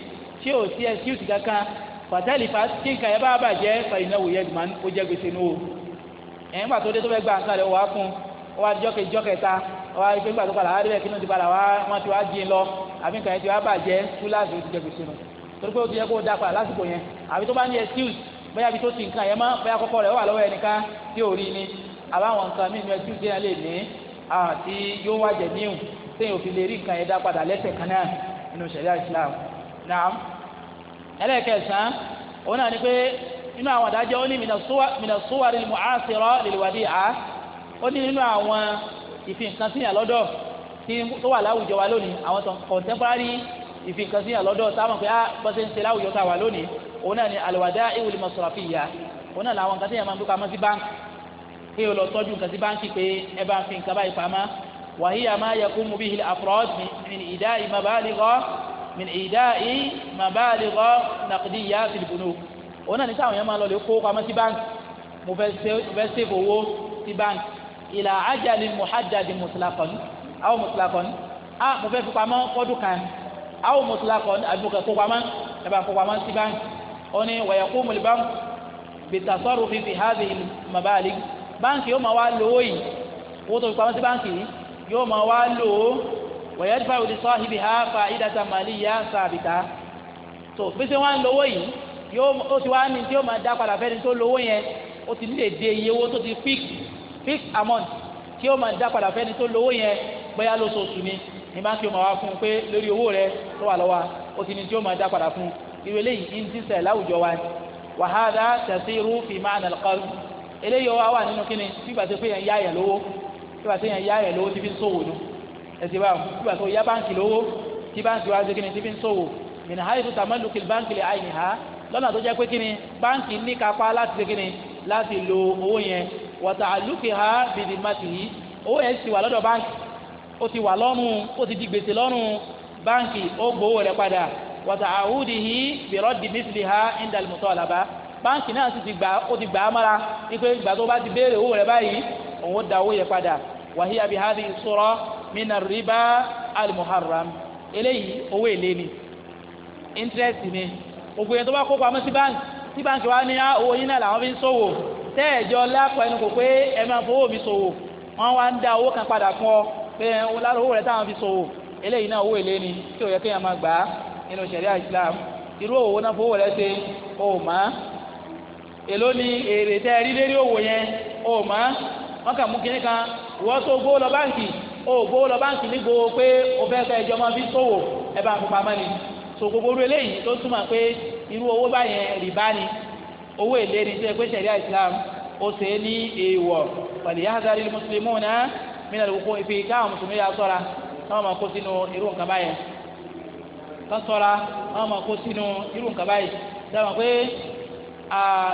tí ó ti ẹ̀ tí ó ti kankan pàtẹ́lì fa tí nǹkan yẹn bá bàjẹ́ fàyínà wòye ó jẹ́ gbèsè nù o ẹ̀yìn pàtó dé ó wá jọ́kẹ́ jọ́kẹ́ta ó wá ike gbàgbọ́ padà wá débẹ̀ kí ní ti padà wá wọ́n ti wá dín in lọ àbí nǹkan yẹn ti wá bàjẹ́ kúláàsì ó ti jẹ gbèsè nù torí pé ó ti yẹ kó o dá padà lásìkò yẹn àbí tó bá ní excuse bóyá ibi tó ti nǹkan yẹn mọ́ bóyá kọ́kọ́ rẹ̀ wà lọ́wọ́ ẹnìkan tí o rí ni àbáwọn nǹkan mí inú excuse yẹn lè ní àti yóò wá jẹ níhùn téèyàn òfin lè rí nǹkan yẹn dá padà lẹ́sẹ̀ kan náà nínú ṣẹ̀ríà Islam náà ẹlẹ́ẹ̀kẹsàn-án òun náà ni pé nínú àwọn àdájọ́ ó ní mìnà súwárì mu'asira ó ní nínú àwọn ìfìǹkansíyàn lọ́dọ̀ tí tó wà láwùjọ wa lónìí àwọn contemporary ìfìǹkansíyàn lọ́dọ̀ táwọn pé á ah, bọ́sẹ̀ ń ṣe láwùjọ ká wà lónìí òun náà ni àlùwàdá ìwòlì mọ̀sọ̀rọ̀fìyà òun náà làwọn nǹkan tí yẹn máa ń gbókà mọ́ sí báńkì pé o lọ tọ́jú nǹkan sí báńkì pé ẹ bá ń fi nǹkan báyìí pamọ́ wàhíyà máa yẹ kó mu bí hìlẹ̀ ìdá ìmàbáàlìkọ́ ìlà ajali muhajjadi mutlaqan aw mutlaqan a mo fẹ́ fi pamọ́ fọ́dún kan aw mutlaqan àbí mo kẹ́ kó pamọ́ ẹ bá kó pamọ́ sí báńkì ó ní wa yaqumu al-bank bitasarufi fi hadhihi al-mabalig báńkì yóò máa wá lówó yìí owó tó fi sí báńkì yóò máa wá lò ó wa yadfa'u li sahibiha fa'idatan maliyya sabita tó bí sẹ́ wọ́n á lówó yìí yóò ó ti wá ní tí yóò máa de iye owó tó fixed amount tí ó máa dá padà fẹ́ni tó lówó yẹn bóyá lóṣooṣù ni ní báńkì ó máa wá fún un pé lórí owó rẹ tó wà lọ́wọ́ ó ti ní tí ó máa dá padà fún un irú eléyìí ń dísẹ̀ láwùjọ wa ni wàhálà tẹ̀síru fi máa nà lọ́kọ́rù eléyìí wa wà nínú kíni fígbà tó yẹn yá yẹn lówó fígbà tó yẹn yá yẹn lówó ti fi ń ṣòwò nu ẹ̀sìn bá fígbà tó yá báńkì lówó tí báńkì wa ṣe kíni ti fi ń ṣòwò mìnà hàyè tó tàmánù kìlì báńkì lè àyìn ha lọ́nà tó jẹ́ pé kíni báńkì ní kápá láti kíni láti lo owó yẹn wàtà àlùkì ha bìdì màtì yìí owó yẹn ti wà lọ́dọ̀ báńkì ó ti wà lọ́rùn ó ti di gbèsè lọ́rùn báńkì ó gbowó rẹ̀ padà wàtà àwùdì yìí bìrọ̀ di mísìlì ha ìndàlùmùtọ́ àlàbá báńkì náà sì ti gbà ó ti gbà á mára wípé ìgbà tó bá ti béèrè owó rẹ̀ báyìí òun ó da owó yẹn padà wàhíyà bí sọ̀rọ̀ mina riba alimuharram eléyìí owó èlé ni interest ni gbogbo tó bá kó tẹ́ẹ̀jọ lápọ̀ ẹnu kò pé ẹ máa fowó mi ṣòwò wọ́n wá ń dá owó kan padà fún ọ pé lára owó rẹ̀ táwọn fi eléyìí náà owó èlé ni tí ò yẹ kéèyàn máa gbà á nínú ṣẹ̀ríà Islam irú òwò náà fowó rẹ̀ ṣe o mà èló ni èrè yẹn o wọ́n kà mú kinní kan ìwọ́ owó ìlérí tó yẹ pé e islam ó ṣe é ní èèwọ̀ pẹ̀lú yahadari muslimuna mina lóko ìfi káwọn musulmi yà sọ́ra káwọn máa kó sínú irú nǹkan báyẹn kán sọ́ra káwọn máa kó sínú irú nǹkan báyẹn dábàá pé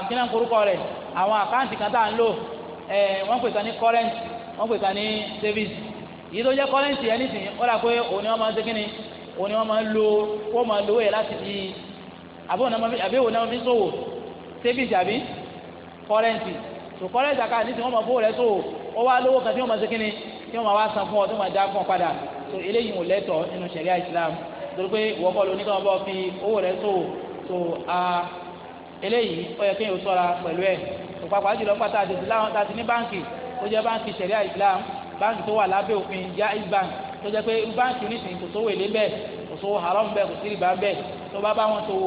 kíná korúkọ rẹ̀ àwọn àkáǹtì kan tá à ń lò wọ́n pè ní current wọ́n pè ní savings yìí tó jẹ́ current yẹn ó dà pé òun ni wọ́n máa ń ṣe kí ni òun ni wọ́n máa ń lo wọ́n máa lo láti fi àbí savings àbí currency so currency àká ní ti wọ́n máa fowó rẹ̀ so ó wá lówó kan tí wọ́n máa ṣe kíni tí wọ́n máa wá san fún ọ tí wọ́n máa dá fún ọ padà so eléyìí ò lẹ́tọ̀ nínú ṣẹ̀ríà Islam torí pé ìwọ kọ́ ló ní káwọn bá fi owó rẹ̀ so so eléyìí ó yẹ kéèyàn ṣọ́ra pẹ̀lú ẹ̀ òpapọ̀ àjùlọ pátá àti ìsìláwọn tá a ti ní báǹkì ó jẹ́ báǹkì ṣẹ̀ríà Islam báǹkì tó wà lábẹ́ òfin Jaiz bank tó jẹ́ pé báǹkì oníṣìí kò sówó èlé bẹ́ẹ̀ kò sówó haram bẹ́ẹ̀ kò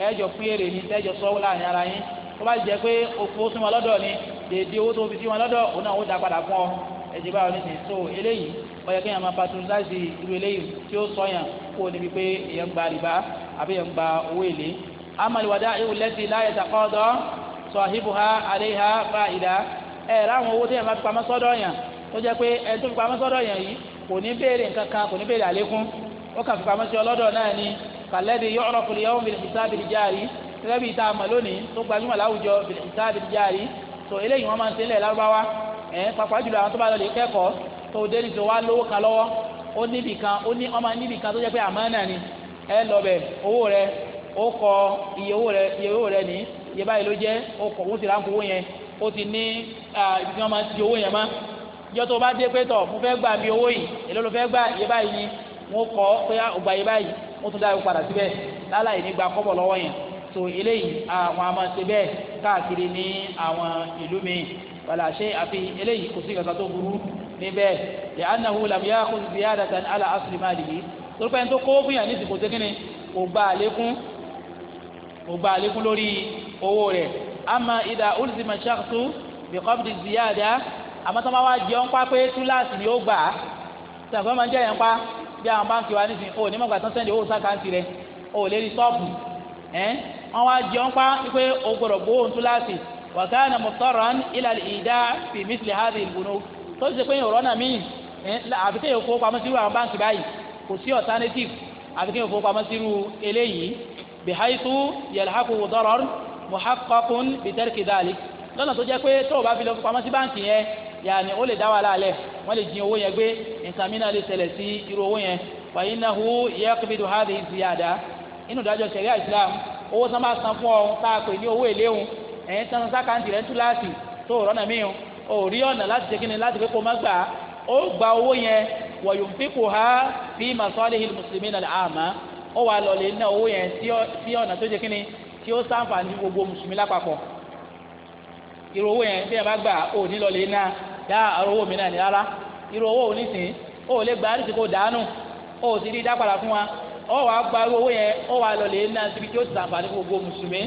ẹjọ pín ni tẹjọ sọ láàrin ara yín tó bá jẹ pé òfò wọn ni dèédé owó tó fi sí wọn lọ́dọ̀ òun náà ó dá padà fún ọ ẹjẹ báwọn ní sìn so eléyìí ó yẹ máa patronize irú eléyìí tí ó sọ yàn kó o níbi pé èèyàn gba rìbá àbí èèyàn gba owó èlé amaliwada lẹsi láyé sọ ìdá ẹ owó máa fi pamọ́ sọ́dọ̀ yàn tó pé tó kàlẹ́dì yu'rafu al-yawm bil-hisab al-jari gẹ́gẹ́ bí ìta àmọ́ lónìí tó gbajúmọ̀ láwùjọ bil-hisab al-jari tó eléyìí wọ́n máa ń ṣe ilẹ̀ lárúbáwá ẹ̀ pàpà jùlọ àwọn tó bá lọ lè kẹ́kọ̀ọ́ tó dé ní tó wá lówó kan lọ́wọ́ ó níbì kan ó ní ọmọ níbì kan tó jẹ́ pé àmánà ni ẹ lọ bẹ̀ owó rẹ ó kọ iye owó rẹ iye owó rẹ ní iye báyìí ló jẹ́ ó kọ̀ ó sì ráńkó owó yẹn ó ti ní ibi tí wọ́n máa ti owó yẹn mọ́ ìjọ tó bá dé pé tọ̀ mo fẹ́ gbà bí owó yìí èló ló fẹ́ gbà iye báyìí ni wọ́n kọ́ pé ògbà iye báyìí wọ́n tún dáwọ́ padà síbẹ̀ láláì ní gba kọ́bọ̀ lọ́wọ́ yẹn so eléyìí àwọn a máa ṣe bẹ́ẹ̀ káàkiri ní àwọn ìlú mi wàlà ṣe àfi eléyìí kò sí ìgbà tó burú níbẹ̀ lè anahu làmúyá kò sí ziyada tan ala asli máa dìbí torípé ẹni tó kó fún yàn ní ìsìnkú sí kíni kò gba àlékún kò gba àlékún lórí owó rẹ̀ ama ìdá ulzima shakhsu bi qabdi ziyada àmọ́ tó máa wá jẹun pa pé túláàsì ni ó gbà á tàbí wọ́n máa ń jẹ́ yẹn pa bí àwọn báńkì wa nísìnyí o ní mọ̀gbà tán sẹ́ndì owó sàkáǹtì rẹ o lè rí sọ́ọ̀pù ẹ́ wọ́n wá jẹ́ ọ́n pa pé o gbọ́dọ̀ gbowó ohun tó láti wa kana mọ̀tọ́rọ̀n ila ìdá fi mithli hadhihi al-bunuk tó ti ṣe pé yòrò náà míì àfi kéèyàn fowó pamọ́ sírú àwọn báńkì báyìí kò sí alternative àfi kéèyàn fowó pamọ́ sírú eléyìí bihaitu yalhaqu darar muhaqqaqun bi tarki dhalik lọ́nà tó jẹ́ pé tó o bá fi lọ fowó pamọ́ sí báńkì yàní ó lè dá wàhálà alẹ wọn lè jin owó yẹn gbé nǹkan mìíràn lè ṣẹlẹ̀ sí irú owó yẹn fa innahu yaqbidu hadhihi ziyada inú ìdájọ́ sẹ̀ríà islam owó sanba san fún ọ tá a pè ní owó èléhùn ẹ̀yìn san sákàǹtì rẹ̀ ń tú láàsì tó rọ́nà míì o rí ọ̀nà láti ṣe kíni láti pé kó má gbà á ó gba owó yẹn wa yunfiquha fi masalihil muslimina al-amma ó wà lọ́lẹ̀ ná owó yẹn sí ọ̀nà tó ṣe kíni tí ó ṣàǹfààní gbogbo mùsùlùmí lápapọ̀ iru owó yẹn bí ẹ ma gba ó ní lọ́lẹ̀ náà da àrò owó mi náà ní rárá irú owó onísìn ó lè gba àrísí kó dànù ó sì rí dápadà fún wa ó wàá gba irú owó yẹn ó wàá lọ lè ná síbi tí ó ti sàǹfààní fún gbogbo mùsùlùmí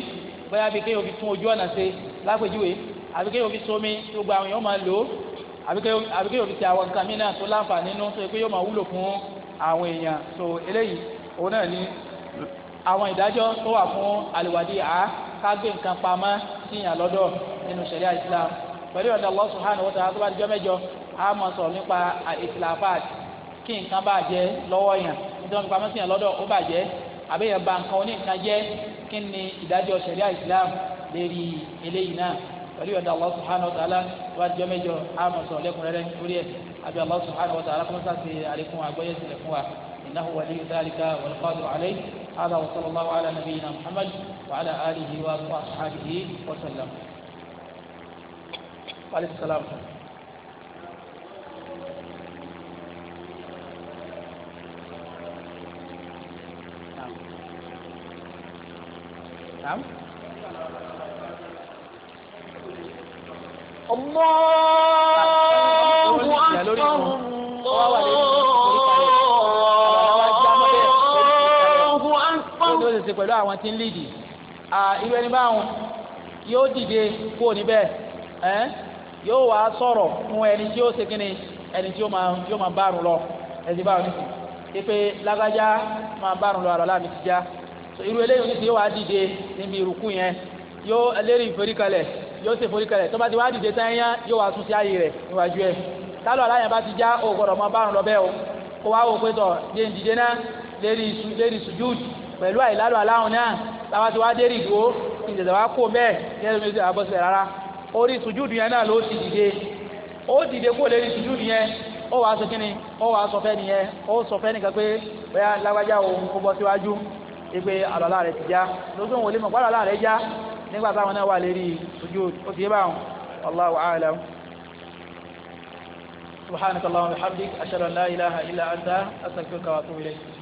bóyá bí kéèyàn fi tún ojú ọ̀nà ṣe lápèjúwe àbí kéèyàn fi sómi tí gbogbo àwọn èèyàn máa lò ó àbí kéèyàn fi ti àwọn nǹkan mìíràn tó láǹfààní nínú tó yẹ pé yóò máa wúlò fún àwọn èèyàn so eléyìí òun náà ní àwọn ìdájọ́ tó wà fún àlùwàdí àá ká nǹkan pamọ́ síyàn lọ́dọ̀ nínú ṣẹ̀ríà Islam pẹ̀lú ọ̀dọ̀ Allah subhanahu wa ta'ala tó bá di jọ́ mẹ́jọ á máa sọ̀rọ̀ nípa ìtìláfàt kí nǹkan bá jẹ́ lọ́wọ́ yàn nítorí nípa mọ́síyàn lọ́dọ̀ ó bàjẹ́ àbẹ́yẹn ba nǹkan oní nǹkan jẹ́ kí ni ìdájọ́ ṣẹ̀ríà Islam lérí eléyìí náà pẹ̀lú ọ̀dọ̀ Allah subhanahu wa ta'ala tó bá di mẹ́jọ á máa sọ̀rọ̀ lẹ́kùnrẹ́rẹ́ إنه ولي ذلك والقادر عليه هذا وصلى الله على نبينا محمد وعلى آله وأصحابه وسلم alayhi salam. نعم الله أكبر الله أكبر pẹ̀lú àwọn tí ń lídìí irú ẹni báwọn yóò dìde kúrò níbẹ̀ yóò wá sọ̀rọ̀ fún ẹni tí ó ṣe kíni ẹni tí ó máa yóò máa bárun lọ ẹsẹ̀ báwọn ní sè é pé bárun lọ àlọ́lá mi ti já so irú eléyìí ní sè é wàá dìde níbi ìrùkú yẹn yóò lérí ìforíkalẹ̀ yóò ṣe ìforíkalẹ̀ tó bá ti wá dìde tán yá yóò wá tún sí ààyè rẹ̀ níwájú ẹ̀ tálọ̀ aláyàn bá ti já o gbọ́dọ̀ máa bárun lọ bẹ́ẹ̀ o kó wá wò pé tọ̀ dé náà lérí sùjúùd pẹ̀lú àìlálọ̀ orí sùjúdù yẹn náà ló ti dìde ó dìde kó lérí sùjúdù yẹn ó wàá sọ kíni ó wàá sọ fẹ́ nìyẹn ó sọ fẹ́ nìkan pé bóyá lágbájá òun kó bọ́ síwájú ìpè àlọ́lá rẹ̀ ti já lóṣùwọ̀n wòlé mọ̀ pàlọ́lá rẹ̀ já nígbà táwọn náà wà lérí sùjúdù ó ti yé báwọn Allahu a'lam.